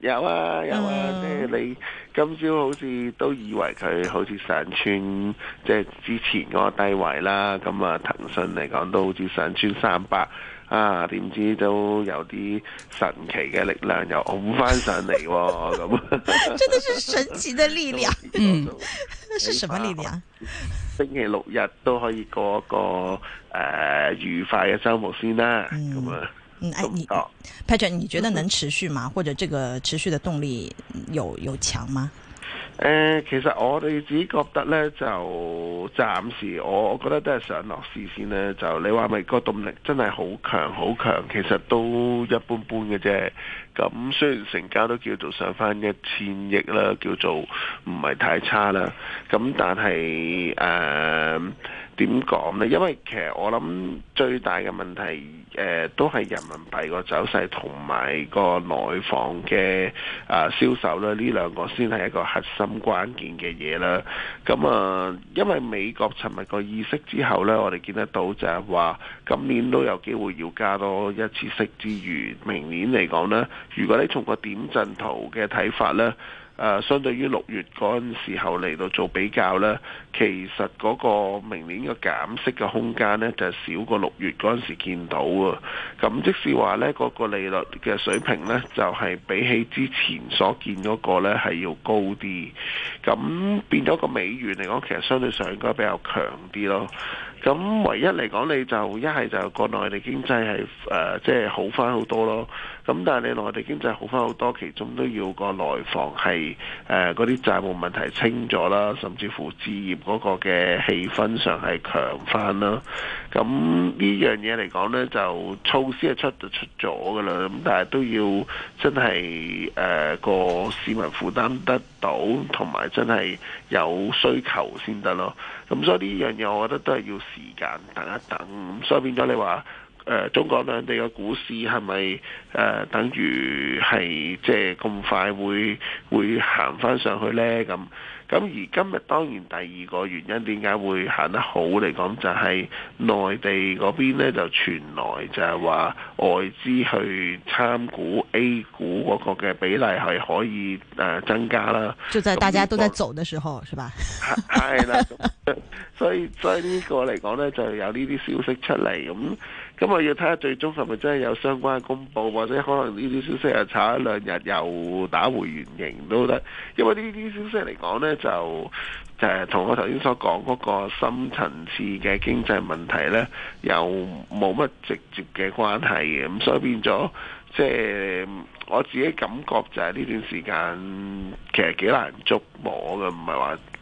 有啊有啊，即係、啊嗯呃、你今朝好似都以為佢好似上穿，即、就、係、是、之前嗰個低位啦。咁啊，騰訊嚟講都好似上穿三百，啊點知都有啲神奇嘅力量又拱翻上嚟、哦，咁。 真係神奇嘅力量， 嗯，是什麼力量？星期六日都可以過一個誒、呃、愉快嘅周末先啦，咁啊、嗯。嗯，誒、哎，你派展，啊、Patrick, 你覺得能持續嗎？或者這個持續的動力有有強嗎？誒、呃，其實我哋自己覺得呢就暫時，我覺得都係上落市先呢就你話咪個動力真係好強好強，其實都一般般嘅啫。咁雖然成交都叫做上翻一千億啦，叫做唔係太差啦。咁但係誒。呃點講呢？因為其實我諗最大嘅問題，誒、呃、都係人民幣個走勢同埋個內房嘅啊銷售啦，呢兩個先係一個核心關鍵嘅嘢啦。咁啊、呃，因為美國尋日個議息之後呢，我哋見得到就係話今年都有機會要加多一次息之餘，之餘明年嚟講呢，如果你從個點陣圖嘅睇法呢。誒，相對於六月嗰陣時候嚟到做比較呢，其實嗰個明年嘅減息嘅空間呢，就係少過六月嗰陣時見到啊。咁即使話呢，嗰、嗰個利率嘅水平呢，就係、是、比起之前所見嗰個呢，係要高啲。咁變咗個美元嚟講，其實相對上應該比較強啲咯。咁唯一嚟講，你就一係就國內嘅經濟係誒，即係好翻好多咯。咁但係你內地經濟好翻好多，其中都要個內房係誒嗰啲債務問題清咗啦，甚至乎置業嗰個嘅氣氛上係強翻啦。咁呢樣嘢嚟講呢，就措施一出就出咗噶啦。咁但係都要真係誒、呃個市民負擔得到，同埋真係有需求先得咯。咁所以呢樣嘢，我覺得都係要時間等一等，咁所以變咗你話。誒、呃，中國兩地嘅股市係咪誒，等於係即係咁快會會行翻上去咧？咁咁而今日當然第二個原因點解會行得好嚟講就是，就係內地嗰邊咧就傳來就係話外資去參股 A 股嗰個嘅比例係可以誒增加啦。就在大家都在走嘅時候，是吧？係啦， 所以所以呢個嚟講咧，就有呢啲消息出嚟咁。咁我要睇下最終係咪真係有相關嘅公佈，或者可能呢啲消息又炒一兩日又打回原形都得，因為呢啲消息嚟講呢，就誒同、就係、我頭先所講嗰個深層次嘅經濟問題呢，又冇乜直接嘅關係嘅，咁所以變咗即係我自己感覺就係呢段時間其實幾難捉摸嘅，唔係話。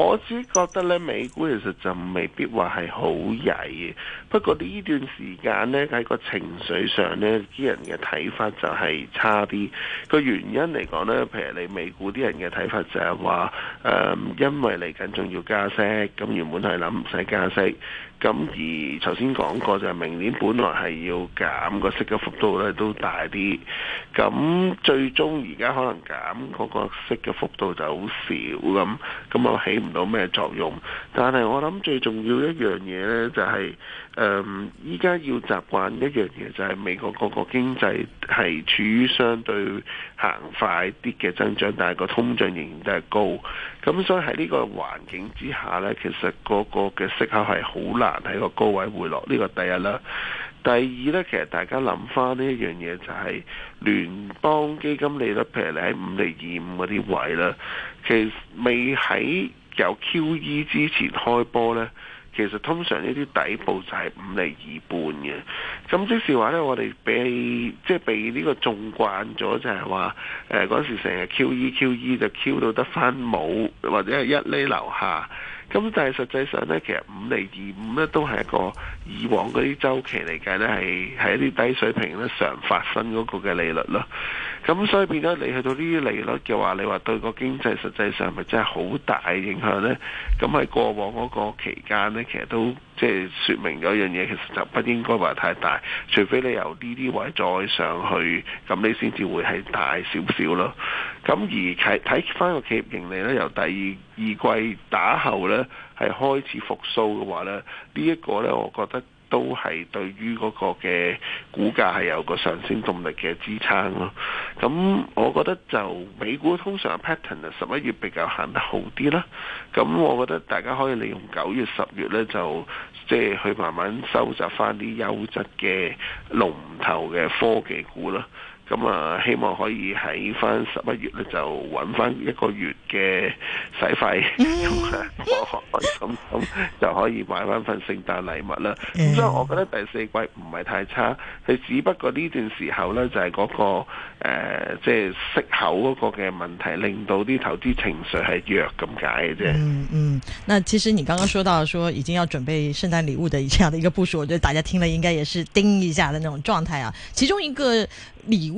我只覺得咧，美股其實就未必話係好曳。不過呢段時間呢，喺個情緒上呢，啲人嘅睇法就係差啲。個原因嚟講呢，譬如你美股啲人嘅睇法就係話，呃，因為嚟緊仲要加息，咁原本係諗唔使加息。咁而頭先講過就係明年本來係要減個息嘅幅度咧都大啲，咁最終而家可能減嗰息嘅幅度就好少咁，咁我起唔到咩作用。但係我諗最重要一樣嘢咧就係、是。誒，依家、嗯、要習慣一樣嘢就係、係、美國個個經濟係處於相對行快啲嘅增長，但係個通脹仍然都係高。咁所以喺呢個環境之下呢，其實個個嘅息口係好難喺個高位回落。呢、呢個第一啦，第二呢，其實大家諗返呢一樣嘢就係聯邦基金利率，譬如你喺五釐二五嗰啲位啦，其實未喺有 QE 之前開波呢。其實通常呢啲底部就係五厘二半嘅，咁即是話呢，我哋被即係被呢個縱慣咗，就係話誒嗰陣時成日 QE QE 就 QE 就 QE 到得翻冇或者係一厘樓下，咁但係實際上呢，其實五厘二五呢都係一個以往嗰啲周期嚟計呢，係係一啲低水平呢常發生嗰個嘅利率咯。咁所以變咗你去到呢啲利率嘅話，你話對個經濟實際上係咪真係好大影響呢？咁喺過往嗰個期間呢，其實都即係說明咗一樣嘢，其實就不應該話太大，除非你由呢啲位再上去，咁你先至會係大少少咯。咁而睇睇翻個企業盈利呢，由第二季打後呢，係開始復甦嘅話呢，呢、這、一個呢，我覺得。都係對於嗰個嘅股價係有個上升動力嘅支撐咯。咁我覺得就美股通常 pattern 十一月比較行得好啲啦。咁我覺得大家可以利用九月十月呢，就即係去慢慢收集翻啲優質嘅龍頭嘅科技股啦。咁啊，希望可以喺翻十一月咧就揾翻一個月嘅使費，咁咁、嗯、 就可以買翻份聖誕禮物啦。咁、嗯、所以我覺得第四季唔係太差，佢只不過呢段時候咧就係、嗰個誒即係息口個嘅問題，令到啲投資情緒係弱咁解嘅啫。嗯嗯，那其實你剛剛說到說已經要準備聖誕禮物的這樣的，一個部署，我覺得大家聽了應該也是叮一下的那種狀態啊。其中一個禮物。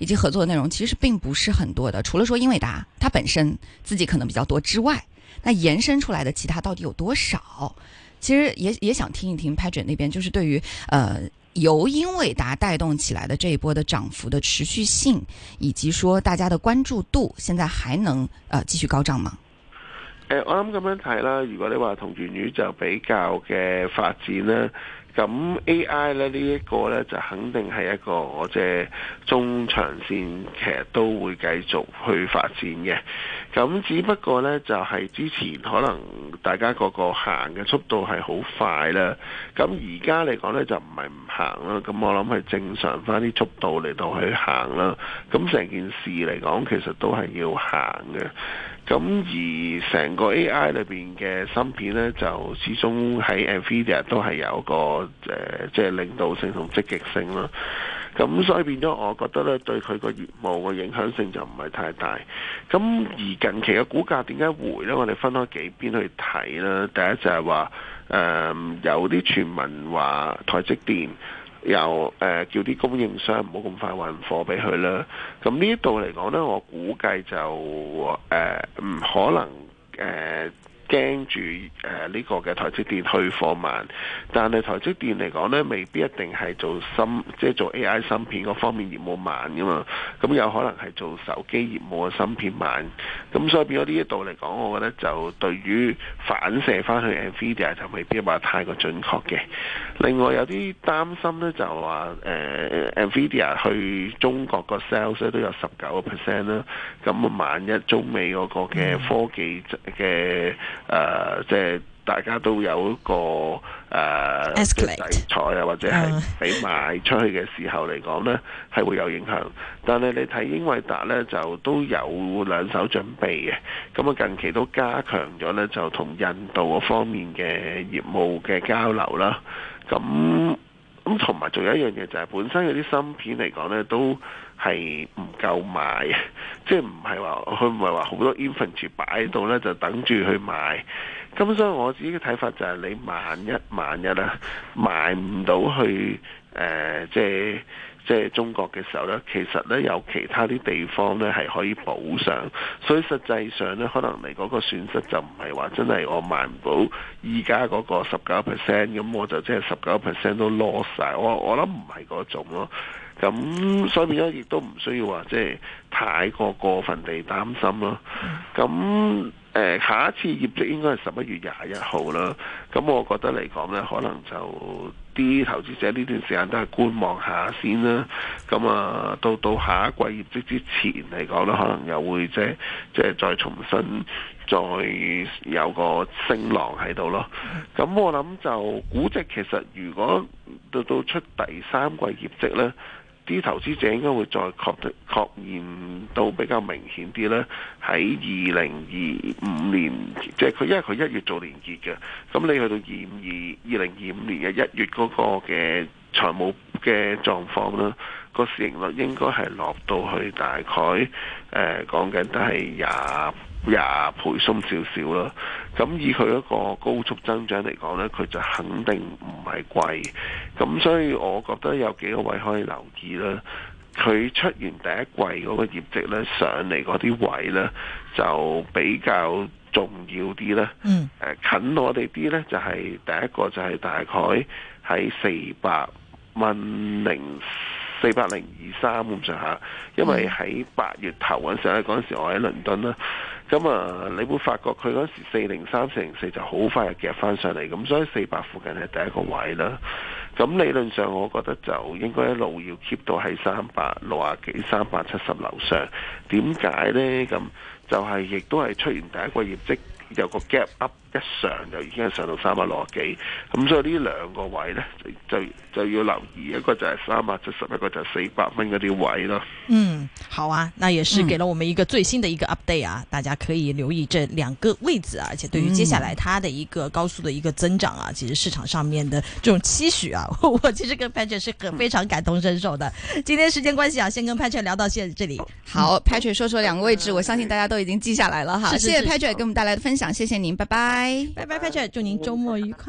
以及合作的內容其實並不是很多的，除了說英偉達它本身自己可能比較多之外，那延伸出來的其他到底有多少？其實也也想聽一聽 Patrick 那邊，就是對於呃由英偉達帶動起來的這一波的漲幅的持續性，以及說大家的關注度現在還能呃繼續高漲嗎？呃，我諗咁樣睇啦，如果你話同元宇宙就比較嘅發展呢？咁 A.I. 咧呢一個咧就肯定係一個我即係中長線，其實都會繼續去發展嘅。咁只不過呢就係、是、之前可能大家個個行嘅速度係好快啦。咁而家嚟講呢，就唔係唔行啦。咁我諗係正常返啲速度嚟到去行啦。咁成件事嚟講，其實都係要行嘅。咁而成個 AI 裏面嘅芯片呢，就始終喺 NVIDIA 都係有個即係、呃就是、領導性同積極性啦。咁所以變咗，我覺得咧對佢個業務個影響性就唔係太大。咁而近期嘅股價點解回呢？我哋分開幾邊去睇啦。第一就係話、呃、有啲傳聞話台積電又、呃、叫啲供應商唔好咁快運貨俾佢啦。咁呢一度嚟講呢，我估計就誒唔、呃、可能誒。呃驚住誒呢個嘅台積電去貨慢，但係台積電嚟講呢，未必一定係做芯，即係做 AI 芯片嗰方面業務慢㗎嘛，咁有可能係做手機業務嘅芯片慢，咁所以變咗呢一度嚟講，我覺得就對於反射返去 NVIDIA 就未必話太過準確嘅。另外有啲擔心呢，就話誒、呃、NVIDIA 去中國個 sales 都有十九個 percent 啦，咁萬一中美嗰個嘅科技嘅誒、呃，即係大家都有一個誒嘅制裁啊，或者係俾賣出去嘅時候嚟講呢，係、uh. 會有影響。但係你睇英偉達呢，就都有兩手準備嘅。咁啊，近期都加強咗呢，就同印度嗰方面嘅業務嘅交流啦。咁咁同埋仲有一樣嘢就係、是、本身嗰啲芯片嚟講呢，都係唔夠賣，即係唔係話佢唔係話好多 inventory 擺喺度呢，就等住去賣。咁所以我自己嘅睇法就係你萬一萬一啦，賣唔到去誒、呃，即係。即係中國嘅時候呢，其實呢，有其他啲地方呢係可以補上，所以實際上呢，可能嚟嗰個損失就唔係話真係我買唔到，而家嗰個十九 percent 咁，我就即係十九 percent 都落曬，我我諗唔係嗰種咯。咁所以咧，亦都唔需要話即係太過過分地擔心咯。咁、呃、下一次業績應該係十一月廿一號啦。咁我覺得嚟講呢，可能就～啲投資者呢段時間都係觀望下先啦、啊，咁啊到到下一季業績之前嚟講咧，可能又會即即係再重新再有個升浪喺度咯。咁我諗就估值其實如果到到出第三季業績呢。啲投資者應該會再確確認到比較明顯啲咧，喺二零二五年，即係佢因為佢一月做年結嘅，咁你去到二五二二零二五年嘅一月嗰個嘅財務嘅狀況啦，個市盈率應該係落到去大概誒講緊都係廿。呃廿倍鬆少少啦，咁以佢一個高速增長嚟講呢，佢就肯定唔係貴，咁所以我覺得有幾個位可以留意啦。佢出完第一季嗰個業績呢，上嚟嗰啲位呢就比較重要啲啦。嗯，近我哋啲呢，就係第一個就係大概喺四百蚊零四百零二三咁上下，因為喺八月頭嗰時呢，嗰陣時我喺倫敦啦。咁啊，你會發覺佢嗰時四零三、四零四就好快就夾翻上嚟，咁所以四百附近係第一個位啦。咁理論上我覺得就應該一路要 keep 到喺三百六啊幾、三百七十樓上。點解呢？咁就係亦都係出現第一個業績，有個 gap up。一上就已經係上到三百六啊幾，咁所以呢兩個位呢，就就，就要留意，一個就係三百七十，一個就係四百蚊嗰啲位咯。嗯，好啊，那也是給了我們一個最新的一個 update 啊，嗯、大家可以留意這兩個位置啊，而且對於接下來它的一個高速的一個增長啊，其實市場上面的這種期許啊，我其實跟 Patrick 是很非常感同身受的。嗯、今天時間關係啊，先跟 Patrick 聊到現在這裡。嗯、好、嗯、Patrick 說出兩個位置，嗯、我相信大家都已經記下來了哈。是是是謝謝 Patrick、嗯、給我們帶來的分享，謝謝您，拜拜。拜拜，Patrick，祝您週末愉快。